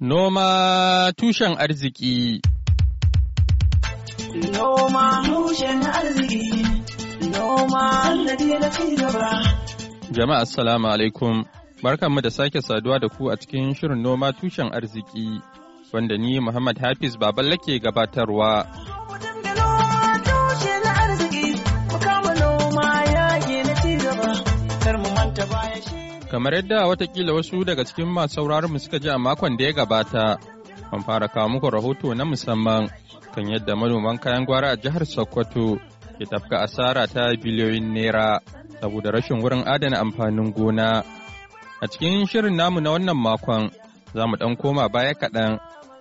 Noma tushen arziki Noma tushen arziki Noma Jama'a assalamu alaikum barkanmu da sake saduwa da ku a cikin shirin noma tushen arziki wanda ni Muhammad Hafiz baban ke gabatarwa Kar mu manta baya Kamar yadda watakila wasu daga cikin masu sauraron mu suka ji a makon da ya gabata, an fara kawo muku rahoto na musamman kan yadda manoman kayan gwara a jihar Sokoto ke tafka asara ta biliyoyin naira saboda rashin wurin adana amfanin gona. A cikin shirin namu na wannan makon za mu ɗan koma baya kaɗan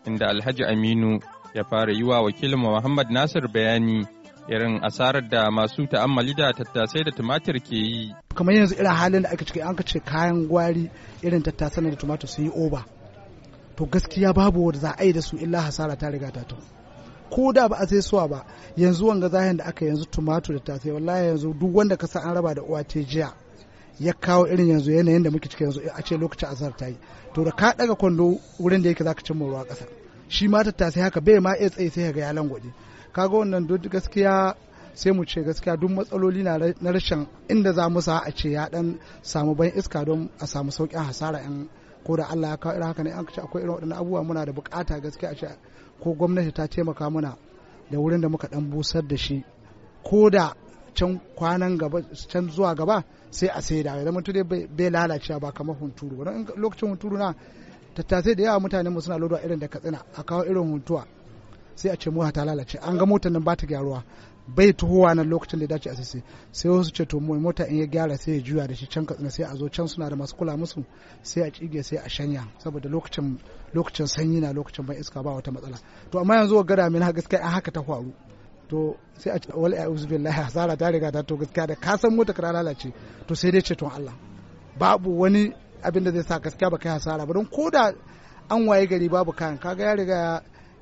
inda Alhaji Aminu ya fara yi wa wakilin Muhammad Nasir bayani irin asarar da masu ta'ammali da tattasai da tumatir ke yi. Kamar yanzu irin halin da aka cika an ce kayan gwari irin tattasan da tumatir sun yi oba. To gaskiya babu wanda za a yi da su illa hasara ta riga ta tun. Ko da ba a sai suwa ba yanzu wanga zahin da aka yanzu tumatir da tattasai wallahi yanzu duk wanda ka sa an raba da uwa ce jiya. ya kawo irin yanzu yanayin da muke ciki yanzu a ce lokacin asarar ta yi to da ka daga kwando wurin da yake zaka cimma ruwa kasa shi ma tattasai haka bai ma iya tsaye sai ga ya langwaje kaga wannan duk gaskiya sai mu ce gaskiya duk matsaloli na rashin inda za mu sa a ce ya dan samu ban iska don a samu saukin hasara yan ko da Allah ya kawo irin haka ne an ce akwai irin waɗannan abubuwa muna da bukata gaskiya a ce ko gwamnati ta taimaka muna da wurin da muka dan busar da shi ko da can kwanan gaba can zuwa gaba sai a saida ya mutum dai bai lalacewa ba kamar hunturu lokacin hunturu na tattasai da yawa mutane mu suna lodowa irin da katsina a kawo irin hunturu. sai a ce mota ta lalace an ga motar nan ba ta gyaruwa bai tuhowa nan lokacin da ya dace a sisi sai wasu ce to mai mota in ya gyara sai ya juya da shi can katsina sai a zo can suna da masu kula musu sai a cige sai a shanya saboda lokacin lokacin sanyi na lokacin ban iska ba wata matsala to amma yanzu gada min ha gaskiya an haka ta faru to sai a ce wal a'udhu billahi hasara ta riga ta to gaskiya da ka san mota ka lalace to sai dai ceton Allah babu wani abin da zai sa gaskiya ba kai hasara ba don koda an waye gari babu kayan kaga ya riga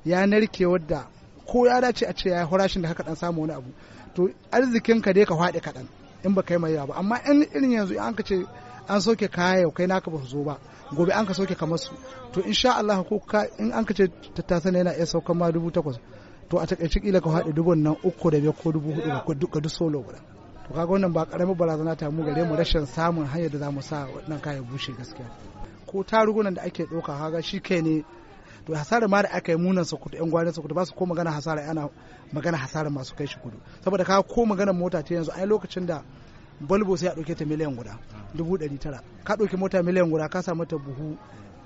ya narke wadda ko ya dace a ce ya horashin da haka dan samu wani abu to arzikin ka dai ka faɗi kaɗan in ba kai mai ba amma in irin yanzu in ka ce an soke kaya yau kai naka ba su zo ba gobe an ka soke kamar su to sha Allah ko ka in an ka ce tattasan yana iya sauka ma dubu takwas to a takaice kila ka faɗi dubun nan uku da biyar ko dubu hudu ga duka duk solo guda to kaga wannan ba karamin barazana ta mu gare mu rashin samun hanyar da za mu sa wannan kaya bushe gaskiya ko tarugunan da ake ɗauka kaga shi kai ne to hasara ma da aka yi munan kudu yan gwanin kudu ba su ko magana hasara ana magana hasara masu kai shi kudu saboda ka ko magana mota ta yanzu ai lokacin da balbo sai a dauke ta miliyan guda dubu ɗari tara ka ɗauki mota miliyan guda ka samu ta buhu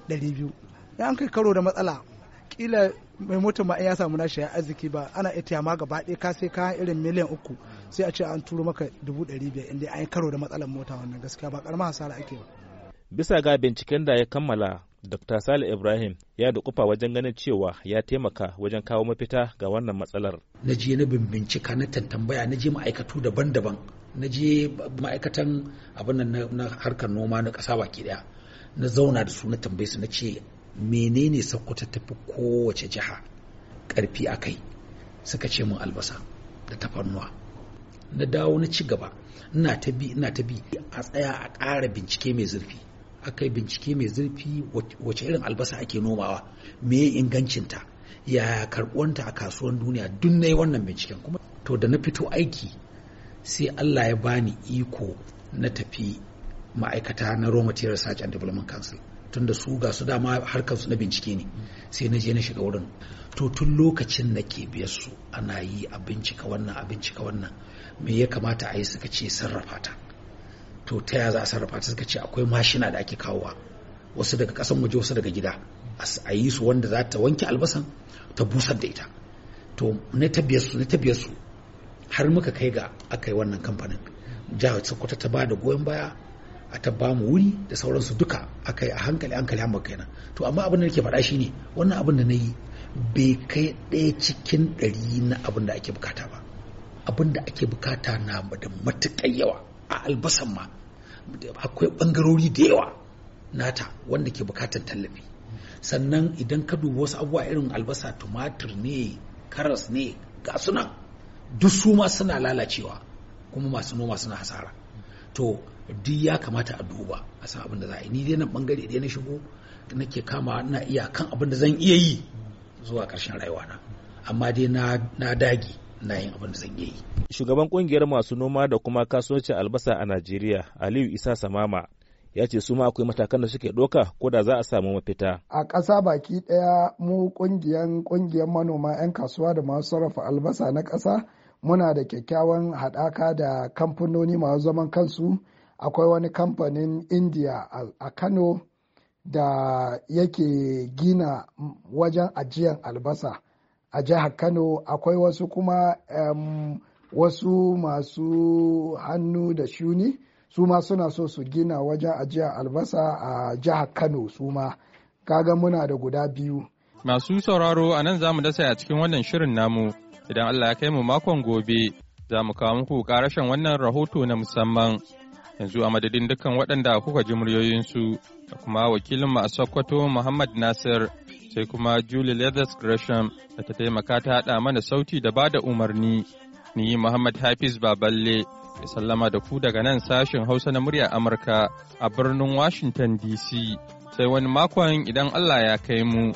ɗari biyu ya an kai karo da matsala kila mai motar ma ya samu nashi ya arziki ba ana ita ma gaba ɗaya ka sai kayan irin miliyan uku sai a ce an turo maka dubu ɗari biyar inda an yi karo da matsalar mota wannan gaskiya ba ƙaramar hasara ake ba. bisa ga binciken da ya kammala Dr. Sale Ibrahim ya da dukufa wajen ganin cewa ya taimaka wajen kawo mafita ga wannan matsalar. Na je na bincika na tantambaya na je ma'aikatu daban-daban na je ma'aikatan abin na harkar noma na ƙasa baki daya na zauna da su na tambaye su na ce menene Sokoto tafi kowace jiha karfi a kai suka ce min albasa da tafarnuwa na dawo na ci gaba ina ta bi ina ta bi a tsaya a ƙara bincike mai zurfi aka yi bincike mai zurfi wace irin albasa ake nomawa me ingancinta ya karɓuwanta a kasuwan duniya duk na yi wannan binciken kuma to da na fito aiki sai allah ya bani iko na tafi ma'aikata na raw material research and development council tun da su ga su dama harkar su na bincike ne sai na je na shiga wurin to tun lokacin na ke biyar su ana yi a bincika wannan a bincika wannan me ya kamata a yi suka ce sarrafa ta to ta ya za a sarrafa ta suka ce akwai mashina da ake kawowa wasu daga kasan waje wasu daga gida a yi su wanda za ta wanke albasan ta busar da ita to na tabiyar su na har muka kai ga aka yi wannan kamfanin jihar sokoto ta ba da goyon baya a ta ba mu wuri da sauransu duka aka yi a hankali hankali hamma kenan to amma abin da nake faɗa ne wannan abin da na yi bai kai ɗaya cikin ɗari na abin da ake bukata ba abin da ake bukata na da matuƙar yawa a albasan ma akwai bangarori da yawa nata wanda ke bukatar tallafi sannan idan ka dubi wasu abubuwa irin albasa tumatir ne karas ne ga suna duk su ma suna lalacewa kuma masu noma suna hasara to duk ya kamata a duba a san abin da za a yi ni dai nan bangare ɗaya na shigo nake kama na iya kan abin da zan iya yi zuwa ƙarshen rayuwana amma dai na dage. na yin abin da zan yi shugaban kungiyar masu noma da kuma kasuwanci albasa a Najeriya Aliyu Isa Samama ya ce su ma akwai matakan da suke ɗauka ko da za a samu mafita. A ƙasa baki ɗaya mu ƙungiyan ƙungiyar manoma 'yan kasuwa da masu sarrafa albasa na ƙasa muna da kyakkyawan haɗaka da kamfanoni masu zaman kansu akwai wani kamfanin indiya a Kano da yake gina wajen ajiyar albasa. a jihar kano akwai wasu kuma um, wasu masu hannu da shuni su ma suna so su gina wajen ajiya albasa a jihar kano su ma kaga muna da guda biyu masu sauraro a nan za mu dasa a cikin wannan shirin namu idan allah ya kai mu makon gobe za mu kawo muku karashen wannan rahoto na musamman yanzu a madadin dukkan waɗanda kuka ji muryoyinsu da kuma wakilin a sokoto muhammad nasir sai kuma Julie Leathers Gresham da ta taimaka ta haɗa mana sauti da ba da umarni. Ni Muhammad Hafiz Baballe ya sallama da ku daga nan sashen Hausa na murya Amurka a birnin Washington DC. Sai wani makon idan Allah ya kai mu.